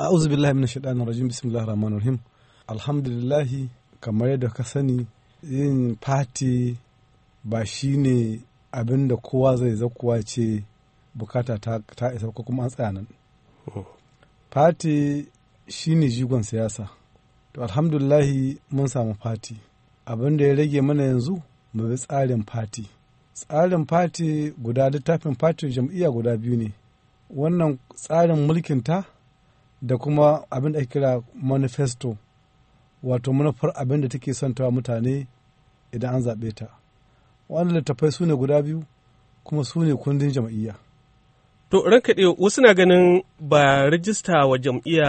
a'udhu billahi minash shaitanir rajim bismillahir rahmanir rahim alhamdulillah kamar yadda ka sani yin fati ba shine abin da kowa zai zakuwa ce bukata ta, ta isa ko kuma an tsaya nan hmm. fati shine jigon siyasa to alhamdulillahi mun samu fati abin da ya rage mana yanzu mu bi tsarin fati tsarin fati guda littafin fati jam'iyya guda biyu ne wannan tsarin mulkin ta. da kuma abin da kira manifesto wato manufar abin da take son tawa mutane idan an zaɓe ta wanda littattafai su ne guda biyu kuma su ne kundin jam'iyya to ranka wasu na ganin ba rajista wa jam'iyya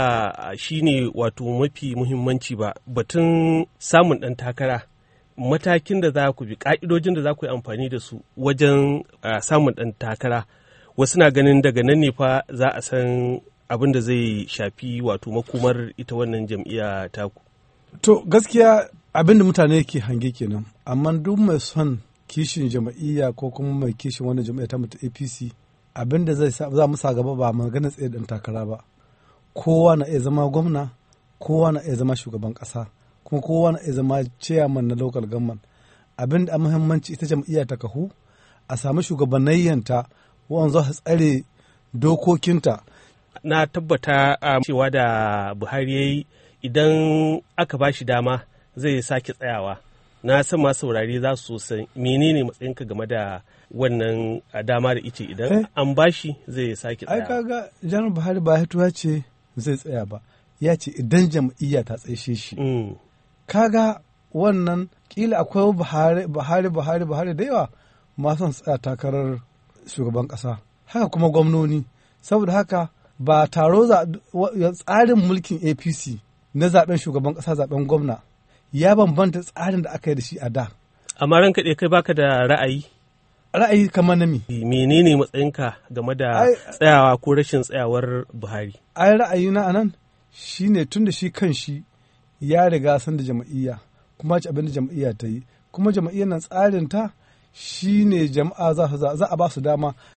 shine wato mafi muhimmanci ba batun samun ɗan takara matakin da za ku bi ƙa'idojin da za ku yi amfani da su wajen ah, samun ɗan takara wasu na ganin daga nan ne fa za a san abin da zai shafi wato makomar ita wannan jam'iyya taku to gaskiya abin da mutane ke hange kenan amma duk mai son kishin jam'iyya ko kuma mai kishin wannan jam'iyya ta mutu apc abin da zai za mu sa gaba ba magana tsaye dan takara ba kowa na iya zama gwamna kowa na iya zama shugaban kasa kuma kowa na iya zama chairman na local government abin da muhimmanci ita jam'iyya ta kahu a samu shugabannayyanta wanzu su tsare dokokinta na tabbata ah, cewa da buhari ya yi idan aka ba shi dama zai sake tsayawa na san masu saurari za su san menene matsayinka game da wannan ah, dama da ice idan eh? an ba shi zai sake tsayawa ai kaga jan buhari ba hatuwa ce zai tsaya ba ya ce idan jam'iyya ta tsaishe shi mm. kaga wannan kila akwai buhari buhari buhari buhari da yawa masu tsaya takarar shugaban kasa haka kuma gwamnoni saboda haka ba taro tsarin mulkin apc na zaben shugaban kasa zaben gwamna ya bambanta tsarin da aka yi da shi a da amma ran kaɗe kai baka da ra'ayi ra'ayi kamar na mi menene matsayinka game da tsayawa ko rashin tsayawar buhari ai ra'ayina anan shine tun da shi kan shi ya riga san da jama'iyya kuma ci abin da jama'iyya ta yi kuma jama'iyyar nan tsarin ta shine jama'a za a ba su dama